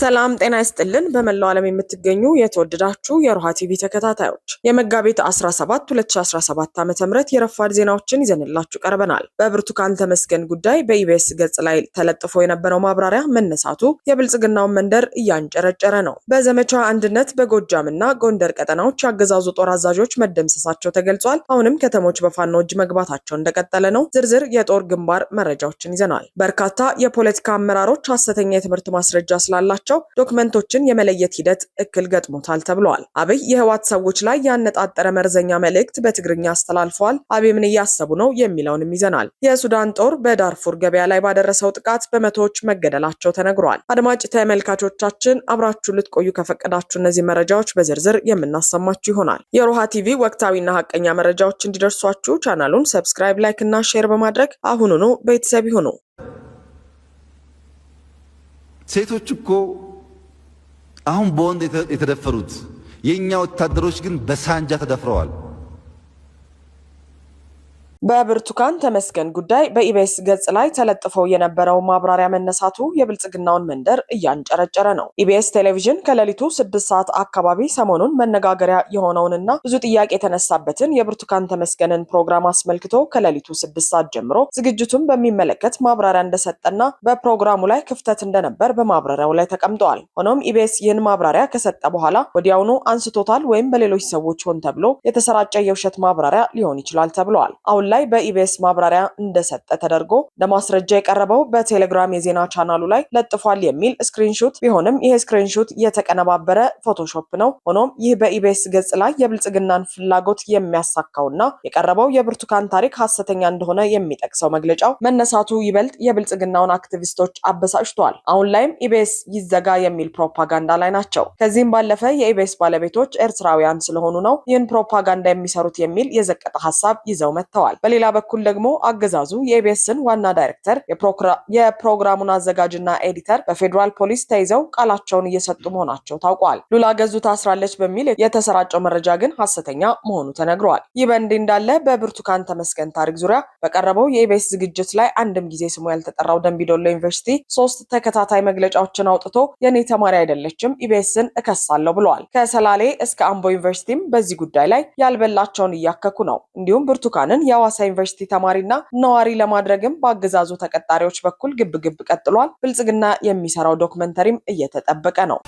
ሰላም ጤና ይስጥልን። በመላው ዓለም የምትገኙ የተወደዳችሁ የሮሃ ቲቪ ተከታታዮች የመጋቢት 17 2017 ዓ.ም የረፋድ ዜናዎችን ይዘንላችሁ ቀርበናል። በብርቱካን ተመስገን ጉዳይ በኢቢኤስ ገጽ ላይ ተለጥፎ የነበረው ማብራሪያ መነሳቱ የብልጽግናውን መንደር እያንጨረጨረ ነው። በዘመቻ አንድነት እና ጎንደር ቀጠናዎች የአገዛዙ ጦር አዛዦች መደምሰሳቸው ተገልጿል። አሁንም ከተሞች በፋኖ እጅ መግባታቸው እንደቀጠለ ነው። ዝርዝር የጦር ግንባር መረጃዎችን ይዘናል። በርካታ የፖለቲካ አመራሮች ሀሰተኛ የትምህርት ማስረጃ ስላላቸው ያላቸው ዶክመንቶችን የመለየት ሂደት እክል ገጥሞታል ተብሏል። አብይ የህዋት ሰዎች ላይ ያነጣጠረ መርዘኛ መልእክት በትግርኛ አስተላልፈዋል። አብይ ምን እያሰቡ ነው የሚለውንም ይዘናል። የሱዳን ጦር በዳርፉር ገበያ ላይ ባደረሰው ጥቃት በመቶዎች መገደላቸው ተነግሯል። አድማጭ ተመልካቾቻችን አብራችሁ ልትቆዩ ከፈቀዳችሁ እነዚህ መረጃዎች በዝርዝር የምናሰማችሁ ይሆናል። የሮሃ ቲቪ ወቅታዊና ሀቀኛ መረጃዎች እንዲደርሷችሁ ቻናሉን ሰብስክራይብ፣ ላይክ እና ሼር በማድረግ አሁኑኑ ቤተሰብ ይሁኑ። ሴቶች እኮ አሁን በወንድ የተደፈሩት፣ የእኛ ወታደሮች ግን በሳንጃ ተደፍረዋል። በብርቱካን ተመስገን ጉዳይ በኢቢኤስ ገጽ ላይ ተለጥፎ የነበረው ማብራሪያ መነሳቱ የብልጽግናውን መንደር እያንጨረጨረ ነው። ኢቢኤስ ቴሌቪዥን ከሌሊቱ ስድስት ሰዓት አካባቢ ሰሞኑን መነጋገሪያ የሆነውንና ብዙ ጥያቄ የተነሳበትን የብርቱካን ተመስገንን ፕሮግራም አስመልክቶ ከሌሊቱ ስድስት ሰዓት ጀምሮ ዝግጅቱን በሚመለከት ማብራሪያ እንደሰጠና በፕሮግራሙ ላይ ክፍተት እንደነበር በማብራሪያው ላይ ተቀምጠዋል። ሆኖም ኢቢኤስ ይህን ማብራሪያ ከሰጠ በኋላ ወዲያውኑ አንስቶታል ወይም በሌሎች ሰዎች ሆን ተብሎ የተሰራጨ የውሸት ማብራሪያ ሊሆን ይችላል ተብለዋል። አሁን ላይ በኢቢኤስ ማብራሪያ እንደሰጠ ተደርጎ ለማስረጃ የቀረበው በቴሌግራም የዜና ቻናሉ ላይ ለጥፏል የሚል ስክሪንሾት ቢሆንም ይህ ስክሪንሾት የተቀነባበረ ፎቶሾፕ ነው። ሆኖም ይህ በኢቢኤስ ገጽ ላይ የብልጽግናን ፍላጎት የሚያሳካውና የቀረበው የብርቱካን ታሪክ ሀሰተኛ እንደሆነ የሚጠቅሰው መግለጫው መነሳቱ ይበልጥ የብልጽግናውን አክቲቪስቶች አበሳጭቷል። አሁን ላይም ኢቢኤስ ይዘጋ የሚል ፕሮፓጋንዳ ላይ ናቸው። ከዚህም ባለፈ የኢቢኤስ ባለቤቶች ኤርትራውያን ስለሆኑ ነው ይህን ፕሮፓጋንዳ የሚሰሩት የሚል የዘቀጠ ሀሳብ ይዘው መጥተዋል። ተናግረዋል። በሌላ በኩል ደግሞ አገዛዙ የኢቢኤስን ዋና ዳይሬክተር የፕሮግራሙን አዘጋጅና ኤዲተር በፌዴራል ፖሊስ ተይዘው ቃላቸውን እየሰጡ መሆናቸው ታውቋል። ሉላ ገዙ ታስራለች በሚል የተሰራጨው መረጃ ግን ሐሰተኛ መሆኑ ተነግሯል። ይህ በእንዲህ እንዳለ በብርቱካን ተመስገን ታሪክ ዙሪያ በቀረበው የኢቢኤስ ዝግጅት ላይ አንድም ጊዜ ስሙ ያልተጠራው ደምቢዶሎ ዩኒቨርሲቲ ሶስት ተከታታይ መግለጫዎችን አውጥቶ የኔ ተማሪ አይደለችም ኢቢኤስን እከሳለሁ ብለዋል። ከሰላሌ እስከ አምቦ ዩኒቨርሲቲም በዚህ ጉዳይ ላይ ያልበላቸውን እያከኩ ነው። እንዲሁም ብርቱካንን ያዋ የሐዋሳ ዩኒቨርሲቲ ተማሪና ነዋሪ ለማድረግም በአገዛዙ ተቀጣሪዎች በኩል ግብግብ ቀጥሏል። ብልጽግና የሚሰራው ዶክመንተሪም እየተጠበቀ ነው።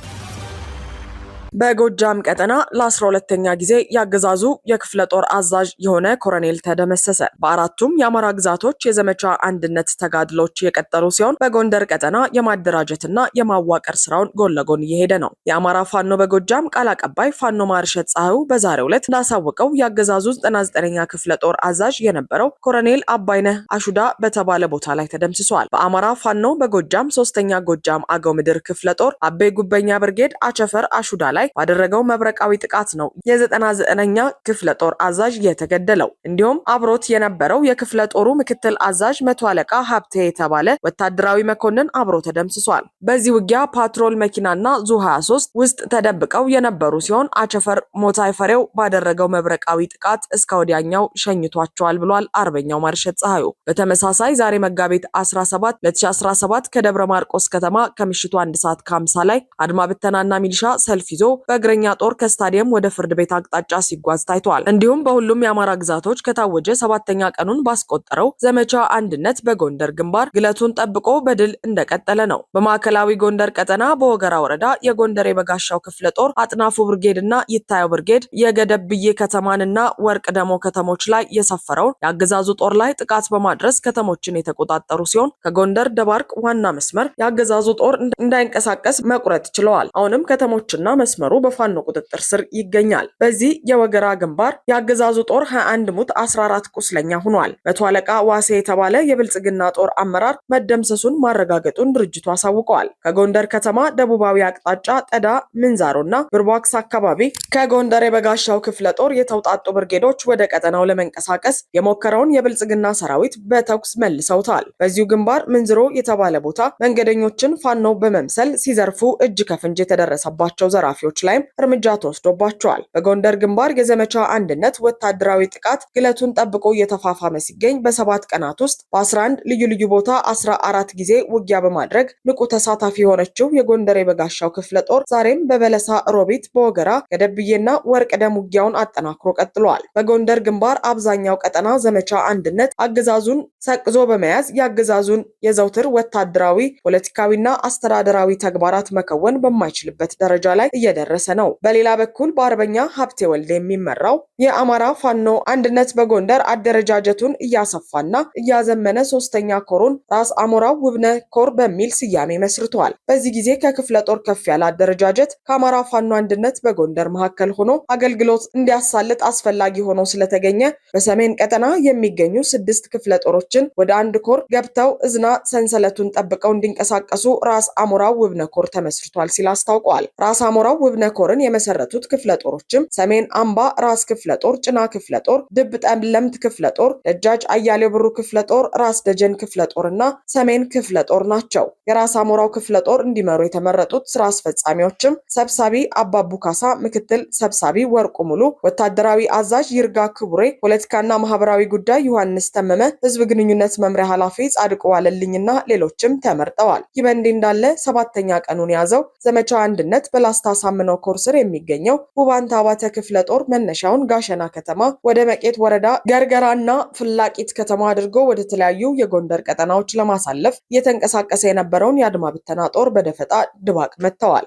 በጎጃም ቀጠና ለ12ተኛ ጊዜ የአገዛዙ የክፍለ ጦር አዛዥ የሆነ ኮረኔል ተደመሰሰ። በአራቱም የአማራ ግዛቶች የዘመቻ አንድነት ተጋድሎች የቀጠሉ ሲሆን በጎንደር ቀጠና የማደራጀትና የማዋቀር ስራውን ጎን ለጎን እየሄደ ነው። የአማራ ፋኖ በጎጃም ቃል አቀባይ ፋኖ ማርሸት ፀሐዩ በዛሬው ዕለት እንዳሳወቀው የአገዛዙ 99ኛ ክፍለ ጦር አዛዥ የነበረው ኮረኔል አባይነህ አሹዳ በተባለ ቦታ ላይ ተደምስሷል። በአማራ ፋኖ በጎጃም ሶስተኛ ጎጃም አገው ምድር ክፍለ ጦር አቤ ጉበኛ ብርጌድ አቸፈር አሹዳ ላይ ባደረገው መብረቃዊ ጥቃት ነው የ99ኛ ክፍለ ጦር አዛዥ የተገደለው። እንዲሁም አብሮት የነበረው የክፍለ ጦሩ ምክትል አዛዥ መቶ አለቃ ሀብቴ የተባለ ወታደራዊ መኮንን አብሮ ተደምስሷል። በዚህ ውጊያ ፓትሮል መኪናና ዙ 23 ውስጥ ተደብቀው የነበሩ ሲሆን አቸፈር ሞታይ ፈሬው ባደረገው መብረቃዊ ጥቃት እስከ ወዲያኛው ሸኝቷቸዋል ብሏል። አርበኛው ማርሸት ፀሐዩ በተመሳሳይ ዛሬ መጋቢት 17 2017 ከደብረ ማርቆስ ከተማ ከምሽቱ አንድ ሰዓት ከ50 ላይ አድማ ብተናና ሚሊሻ ሰልፍ ይዞ በእግረኛ ጦር ከስታዲየም ወደ ፍርድ ቤት አቅጣጫ ሲጓዝ ታይቷል። እንዲሁም በሁሉም የአማራ ግዛቶች ከታወጀ ሰባተኛ ቀኑን ባስቆጠረው ዘመቻ አንድነት በጎንደር ግንባር ግለቱን ጠብቆ በድል እንደቀጠለ ነው። በማዕከላዊ ጎንደር ቀጠና በወገራ ወረዳ የጎንደር የበጋሻው ክፍለ ጦር አጥናፉ ብርጌድ እና ይታየው ብርጌድ የገደብ ብዬ ከተማንና ወርቅ ደሞ ከተሞች ላይ የሰፈረውን የአገዛዙ ጦር ላይ ጥቃት በማድረስ ከተሞችን የተቆጣጠሩ ሲሆን ከጎንደር ደባርቅ ዋና መስመር የአገዛዙ ጦር እንዳይንቀሳቀስ መቁረጥ ችለዋል። አሁንም ከተሞችና መስመር መስመሩ በፋኖ ቁጥጥር ስር ይገኛል። በዚህ የወገራ ግንባር የአገዛዙ ጦር 21 ሙት 14 ቁስለኛ ሆኗል። መቶ አለቃ ዋሴ የተባለ የብልጽግና ጦር አመራር መደምሰሱን ማረጋገጡን ድርጅቱ አሳውቀዋል። ከጎንደር ከተማ ደቡባዊ አቅጣጫ ጠዳ፣ ምንዛሮና ብርቧክስ አካባቢ ከጎንደር የበጋሻው ክፍለ ጦር የተውጣጡ ብርጌዶች ወደ ቀጠናው ለመንቀሳቀስ የሞከረውን የብልጽግና ሰራዊት በተኩስ መልሰውታል። በዚሁ ግንባር ምንዝሮ የተባለ ቦታ መንገደኞችን ፋኖ በመምሰል ሲዘርፉ እጅ ከፍንጅ የተደረሰባቸው ዘራፊዎች ተላላኪዎች ላይም እርምጃ ተወስዶባቸዋል። በጎንደር ግንባር የዘመቻ አንድነት ወታደራዊ ጥቃት ግለቱን ጠብቆ እየተፋፋመ ሲገኝ በሰባት ቀናት ውስጥ በ11 ልዩ ልዩ ቦታ 14 ጊዜ ውጊያ በማድረግ ንቁ ተሳታፊ የሆነችው የጎንደር የበጋሻው ክፍለ ጦር ዛሬም በበለሳ ሮቢት፣ በወገራ ገደብዬና ወርቅ ደም ውጊያውን አጠናክሮ ቀጥሏል። በጎንደር ግንባር አብዛኛው ቀጠና ዘመቻ አንድነት አገዛዙን ሰቅዞ በመያዝ የአገዛዙን የዘውትር ወታደራዊ ፖለቲካዊና አስተዳደራዊ ተግባራት መከወን በማይችልበት ደረጃ ላይ እየደ እየደረሰ ነው። በሌላ በኩል በአርበኛ ሀብቴ ወልደ የሚመራው የአማራ ፋኖ አንድነት በጎንደር አደረጃጀቱን እያሰፋና እያዘመነ ሶስተኛ ኮሩን ራስ አሞራው ውብነ ኮር በሚል ስያሜ መስርተዋል። በዚህ ጊዜ ከክፍለ ጦር ከፍ ያለ አደረጃጀት ከአማራ ፋኖ አንድነት በጎንደር መካከል ሆኖ አገልግሎት እንዲያሳልጥ አስፈላጊ ሆኖ ስለተገኘ በሰሜን ቀጠና የሚገኙ ስድስት ክፍለ ጦሮችን ወደ አንድ ኮር ገብተው እዝና ሰንሰለቱን ጠብቀው እንዲንቀሳቀሱ ራስ አሞራው ውብነ ኮር ተመስርቷል ሲል አስታውቀዋል። ራስ አሞራው ውብነኮርን የመሰረቱት ክፍለ ጦሮችም ሰሜን አምባ ራስ ክፍለ ጦር፣ ጭና ክፍለ ጦር፣ ድብ ጠለምት ክፍለ ጦር፣ ደጃጅ አያሌው ብሩ ክፍለ ጦር፣ ራስ ደጀን ክፍለ ጦር እና ሰሜን ክፍለ ጦር ናቸው። የራስ አሞራው ክፍለ ጦር እንዲመሩ የተመረጡት ስራ አስፈጻሚዎችም ሰብሳቢ አባቡ ካሳ፣ ምክትል ሰብሳቢ ወርቁ ሙሉ፣ ወታደራዊ አዛዥ ይርጋ ክቡሬ፣ ፖለቲካና ማህበራዊ ጉዳይ ዮሐንስ ተመመ፣ ህዝብ ግንኙነት መምሪያ ኃላፊ ጻድቅ ዋለልኝና ሌሎችም ተመርጠዋል። ይህ በእንዲህ እንዳለ ሰባተኛ ቀኑን የያዘው ዘመቻ አንድነት በላስታ ሳምንት አሳምነው ኮር ስር የሚገኘው ውባንታ አባተ ክፍለ ጦር መነሻውን ጋሸና ከተማ ወደ መቄት ወረዳ ገርገራና ፍላቂት ከተማ አድርጎ ወደ ተለያዩ የጎንደር ቀጠናዎች ለማሳለፍ እየተንቀሳቀሰ የነበረውን የአድማ ብተና ጦር በደፈጣ ድባቅ መጥተዋል።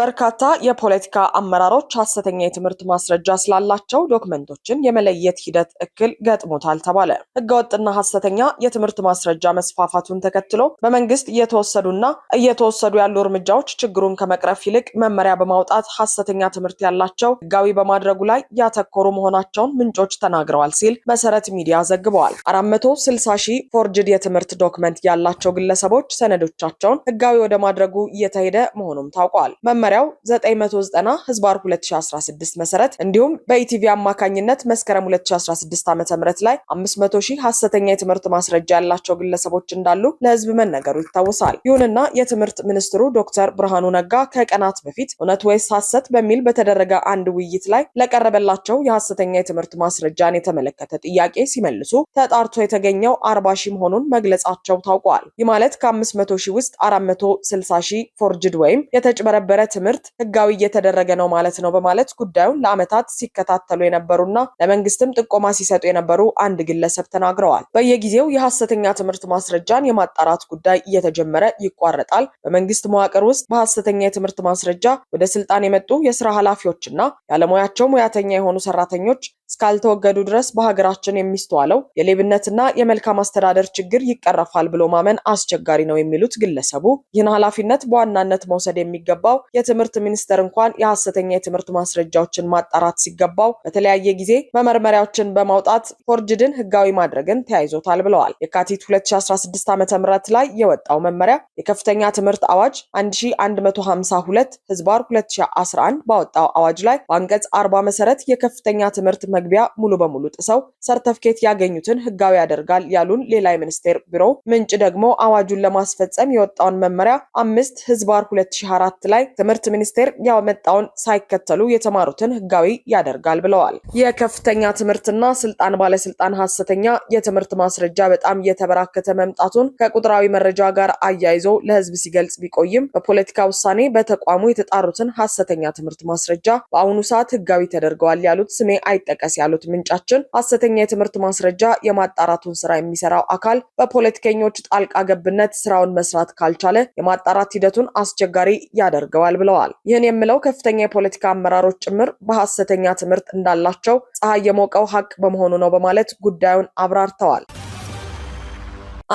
በርካታ የፖለቲካ አመራሮች ሀሰተኛ የትምህርት ማስረጃ ስላላቸው ዶክመንቶችን የመለየት ሂደት እክል ገጥሞታል ተባለ። ህገወጥና ሀሰተኛ የትምህርት ማስረጃ መስፋፋቱን ተከትሎ በመንግስት እየተወሰዱና እየተወሰዱ ያሉ እርምጃዎች ችግሩን ከመቅረፍ ይልቅ መመሪያ በማውጣት ሀሰተኛ ትምህርት ያላቸው ህጋዊ በማድረጉ ላይ ያተኮሩ መሆናቸውን ምንጮች ተናግረዋል ሲል መሰረት ሚዲያ ዘግበዋል። 460 ሺህ ፎርጅድ የትምህርት ዶክመንት ያላቸው ግለሰቦች ሰነዶቻቸውን ህጋዊ ወደ ማድረጉ እየተሄደ መሆኑም ታውቋል። በመመሪያው 990 ህዝባር 2016 መሰረት እንዲሁም በኢቲቪ አማካኝነት መስከረም 2016 ዓ ም ላይ 500 ሺህ ሀሰተኛ የትምህርት ማስረጃ ያላቸው ግለሰቦች እንዳሉ ለህዝብ መነገሩ ይታወሳል። ይሁንና የትምህርት ሚኒስትሩ ዶክተር ብርሃኑ ነጋ ከቀናት በፊት እውነት ወይስ ሀሰት በሚል በተደረገ አንድ ውይይት ላይ ለቀረበላቸው የሀሰተኛ የትምህርት ማስረጃን የተመለከተ ጥያቄ ሲመልሱ ተጣርቶ የተገኘው 40 ሺህ መሆኑን መግለጻቸው ታውቋል። ይህ ማለት ከ500 ሺህ ውስጥ 460 ሺህ ፎርጅድ ወይም የተጭበረበረ ትምህርት ህጋዊ እየተደረገ ነው ማለት ነው በማለት ጉዳዩን ለዓመታት ሲከታተሉ የነበሩና ለመንግስትም ጥቆማ ሲሰጡ የነበሩ አንድ ግለሰብ ተናግረዋል። በየጊዜው የሐሰተኛ ትምህርት ማስረጃን የማጣራት ጉዳይ እየተጀመረ ይቋረጣል። በመንግስት መዋቅር ውስጥ በሐሰተኛ የትምህርት ማስረጃ ወደ ስልጣን የመጡ የስራ ኃላፊዎችና ያለሙያቸው ሙያተኛ የሆኑ ሰራተኞች እስካልተወገዱ ድረስ በሀገራችን የሚስተዋለው የሌብነትና የመልካም አስተዳደር ችግር ይቀረፋል ብሎ ማመን አስቸጋሪ ነው የሚሉት ግለሰቡ ይህን ኃላፊነት በዋናነት መውሰድ የሚገባው የትምህርት ሚኒስቴር እንኳን የሐሰተኛ የትምህርት ማስረጃዎችን ማጣራት ሲገባው በተለያየ ጊዜ መመርመሪያዎችን በማውጣት ፎርጅድን ህጋዊ ማድረግን ተያይዞታል ብለዋል። የካቲት 2016 ዓ.ም ላይ የወጣው መመሪያ የከፍተኛ ትምህርት አዋጅ 1152 ህዝባር 2011 ባወጣው አዋጅ ላይ በአንቀጽ 40 መሰረት የከፍተኛ ትምህርት መግቢያ ሙሉ በሙሉ ጥሰው ሰርተፍኬት ያገኙትን ህጋዊ ያደርጋል ያሉን ሌላ የሚኒስቴር ቢሮ ምንጭ ደግሞ አዋጁን ለማስፈጸም የወጣውን መመሪያ አምስት ህዝባር 2004 ላይ ትምህርት ሚኒስቴር ያመጣውን ሳይከተሉ የተማሩትን ህጋዊ ያደርጋል ብለዋል። የከፍተኛ ትምህርትና ስልጣን ባለስልጣን ሀሰተኛ የትምህርት ማስረጃ በጣም እየተበራከተ መምጣቱን ከቁጥራዊ መረጃ ጋር አያይዞ ለህዝብ ሲገልጽ ቢቆይም በፖለቲካ ውሳኔ በተቋሙ የተጣሩትን ሀሰተኛ ትምህርት ማስረጃ በአሁኑ ሰዓት ህጋዊ ተደርገዋል ያሉት ስሜ አይጠቀ ይጠቀስ ያሉት ምንጫችን ሐሰተኛ የትምህርት ማስረጃ የማጣራቱን ስራ የሚሰራው አካል በፖለቲከኞች ጣልቃ ገብነት ስራውን መስራት ካልቻለ የማጣራት ሂደቱን አስቸጋሪ ያደርገዋል ብለዋል። ይህን የምለው ከፍተኛ የፖለቲካ አመራሮች ጭምር በሐሰተኛ ትምህርት እንዳላቸው ፀሐይ የሞቀው ሀቅ በመሆኑ ነው በማለት ጉዳዩን አብራርተዋል።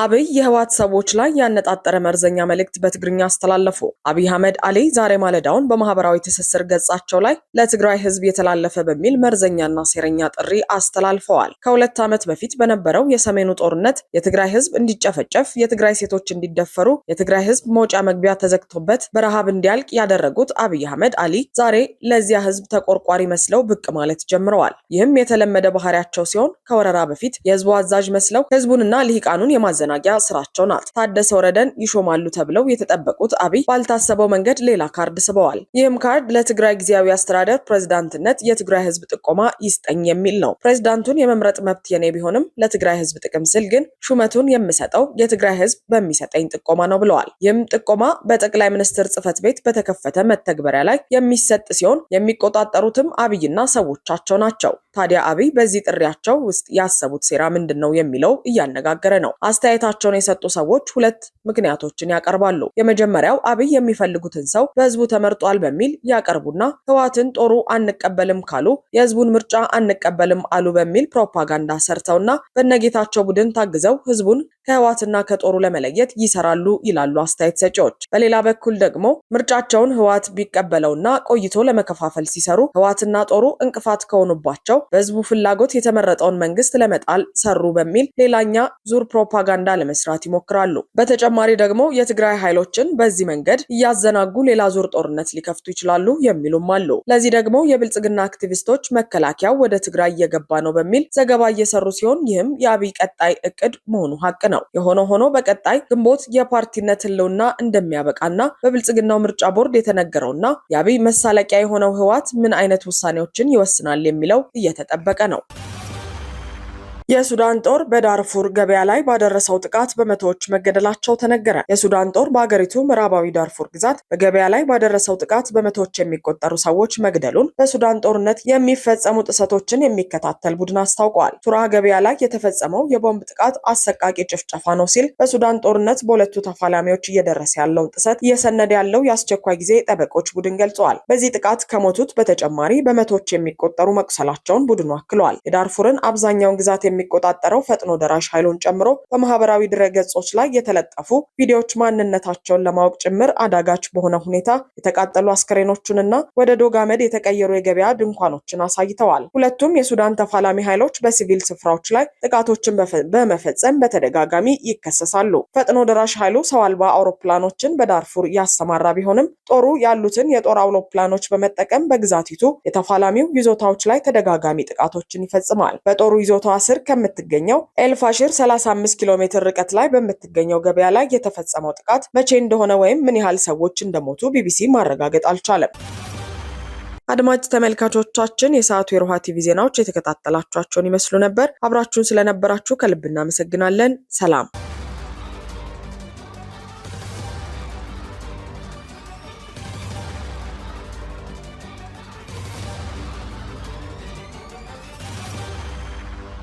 አብይ የህወሓት ሰዎች ላይ ያነጣጠረ መርዘኛ መልእክት በትግርኛ አስተላለፉ። አብይ አህመድ አሊ ዛሬ ማለዳውን በማህበራዊ ትስስር ገጻቸው ላይ ለትግራይ ህዝብ የተላለፈ በሚል መርዘኛና ሴረኛ ጥሪ አስተላልፈዋል። ከሁለት ዓመት በፊት በነበረው የሰሜኑ ጦርነት የትግራይ ህዝብ እንዲጨፈጨፍ፣ የትግራይ ሴቶች እንዲደፈሩ፣ የትግራይ ህዝብ መውጫ መግቢያ ተዘግቶበት በረሃብ እንዲያልቅ ያደረጉት አብይ አህመድ አሊ ዛሬ ለዚያ ህዝብ ተቆርቋሪ መስለው ብቅ ማለት ጀምረዋል። ይህም የተለመደ ባህሪያቸው ሲሆን ከወረራ በፊት የህዝቡ አዛዥ መስለው ህዝቡንና ልሂቃኑን የማዘ ማዘናጊያ ስራቸው ናት። ታደሰ ወረደን ይሾማሉ ተብለው የተጠበቁት አብይ ባልታሰበው መንገድ ሌላ ካርድ ስበዋል። ይህም ካርድ ለትግራይ ጊዜያዊ አስተዳደር ፕሬዝዳንትነት የትግራይ ህዝብ ጥቆማ ይስጠኝ የሚል ነው። ፕሬዝዳንቱን የመምረጥ መብት የኔ ቢሆንም ለትግራይ ህዝብ ጥቅም ስል ግን ሹመቱን የምሰጠው የትግራይ ህዝብ በሚሰጠኝ ጥቆማ ነው ብለዋል። ይህም ጥቆማ በጠቅላይ ሚኒስትር ጽህፈት ቤት በተከፈተ መተግበሪያ ላይ የሚሰጥ ሲሆን የሚቆጣጠሩትም አብይና ሰዎቻቸው ናቸው። ታዲያ አብይ በዚህ ጥሪያቸው ውስጥ ያሰቡት ሴራ ምንድን ነው የሚለው እያነጋገረ ነው። አስተያየ አስተያየታቸውን የሰጡ ሰዎች ሁለት ምክንያቶችን ያቀርባሉ። የመጀመሪያው አብይ የሚፈልጉትን ሰው በህዝቡ ተመርጧል በሚል ያቀርቡና ህወሓትን ጦሩ አንቀበልም ካሉ የህዝቡን ምርጫ አንቀበልም አሉ በሚል ፕሮፓጋንዳ ሰርተውና በነጌታቸው ቡድን ታግዘው ህዝቡን ከህወሓትና ከጦሩ ለመለየት ይሰራሉ ይላሉ አስተያየት ሰጪዎች። በሌላ በኩል ደግሞ ምርጫቸውን ህወሓት ቢቀበለውና ቆይቶ ለመከፋፈል ሲሰሩ ህወሓትና ጦሩ እንቅፋት ከሆኑባቸው በህዝቡ ፍላጎት የተመረጠውን መንግስት ለመጣል ሰሩ በሚል ሌላኛ ዙር ፕሮፓጋንዳ ፕሮፓጋንዳ ለመስራት ይሞክራሉ። በተጨማሪ ደግሞ የትግራይ ኃይሎችን በዚህ መንገድ እያዘናጉ ሌላ ዙር ጦርነት ሊከፍቱ ይችላሉ የሚሉም አሉ። ለዚህ ደግሞ የብልጽግና አክቲቪስቶች መከላከያው ወደ ትግራይ እየገባ ነው በሚል ዘገባ እየሰሩ ሲሆን ይህም የአብይ ቀጣይ እቅድ መሆኑ ሀቅ ነው። የሆነ ሆኖ በቀጣይ ግንቦት የፓርቲነት ህልውና እንደሚያበቃና በብልጽግናው ምርጫ ቦርድ የተነገረውና የአብይ መሳለቂያ የሆነው ህወሓት ምን አይነት ውሳኔዎችን ይወስናል የሚለው እየተጠበቀ ነው። የሱዳን ጦር በዳርፉር ገበያ ላይ ባደረሰው ጥቃት በመቶዎች መገደላቸው ተነገረ። የሱዳን ጦር በአገሪቱ ምዕራባዊ ዳርፉር ግዛት በገበያ ላይ ባደረሰው ጥቃት በመቶዎች የሚቆጠሩ ሰዎች መግደሉን በሱዳን ጦርነት የሚፈጸሙ ጥሰቶችን የሚከታተል ቡድን አስታውቋል። ቱራ ገበያ ላይ የተፈጸመው የቦምብ ጥቃት አሰቃቂ ጭፍጨፋ ነው ሲል በሱዳን ጦርነት በሁለቱ ተፋላሚዎች እየደረሰ ያለውን ጥሰት እየሰነደ ያለው የአስቸኳይ ጊዜ ጠበቆች ቡድን ገልጸዋል። በዚህ ጥቃት ከሞቱት በተጨማሪ በመቶዎች የሚቆጠሩ መቁሰላቸውን ቡድኑ አክለዋል። የዳርፉርን አብዛኛውን ግዛት የሚቆጣጠረው ፈጥኖ ደራሽ ኃይሉን ጨምሮ በማህበራዊ ድረገጾች ላይ የተለጠፉ ቪዲዮዎች ማንነታቸውን ለማወቅ ጭምር አዳጋች በሆነ ሁኔታ የተቃጠሉ አስክሬኖችንና ወደ ዶጋመድ የተቀየሩ የገበያ ድንኳኖችን አሳይተዋል። ሁለቱም የሱዳን ተፋላሚ ኃይሎች በሲቪል ስፍራዎች ላይ ጥቃቶችን በመፈጸም በተደጋጋሚ ይከሰሳሉ። ፈጥኖ ደራሽ ኃይሉ ሰው አልባ አውሮፕላኖችን በዳርፉር ያሰማራ ቢሆንም ጦሩ ያሉትን የጦር አውሮፕላኖች በመጠቀም በግዛቲቱ የተፋላሚው ይዞታዎች ላይ ተደጋጋሚ ጥቃቶችን ይፈጽማል። በጦሩ ይዞታ ስር ከምትገኘው ኤልፋሽር 35 ኪሎ ሜትር ርቀት ላይ በምትገኘው ገበያ ላይ የተፈጸመው ጥቃት መቼ እንደሆነ ወይም ምን ያህል ሰዎች እንደሞቱ ቢቢሲ ማረጋገጥ አልቻለም። አድማጭ ተመልካቾቻችን የሰዓቱ የሮሃ ቲቪ ዜናዎች የተከታተላችኋቸውን ይመስሉ ነበር። አብራችሁን ስለነበራችሁ ከልብ እናመሰግናለን። ሰላም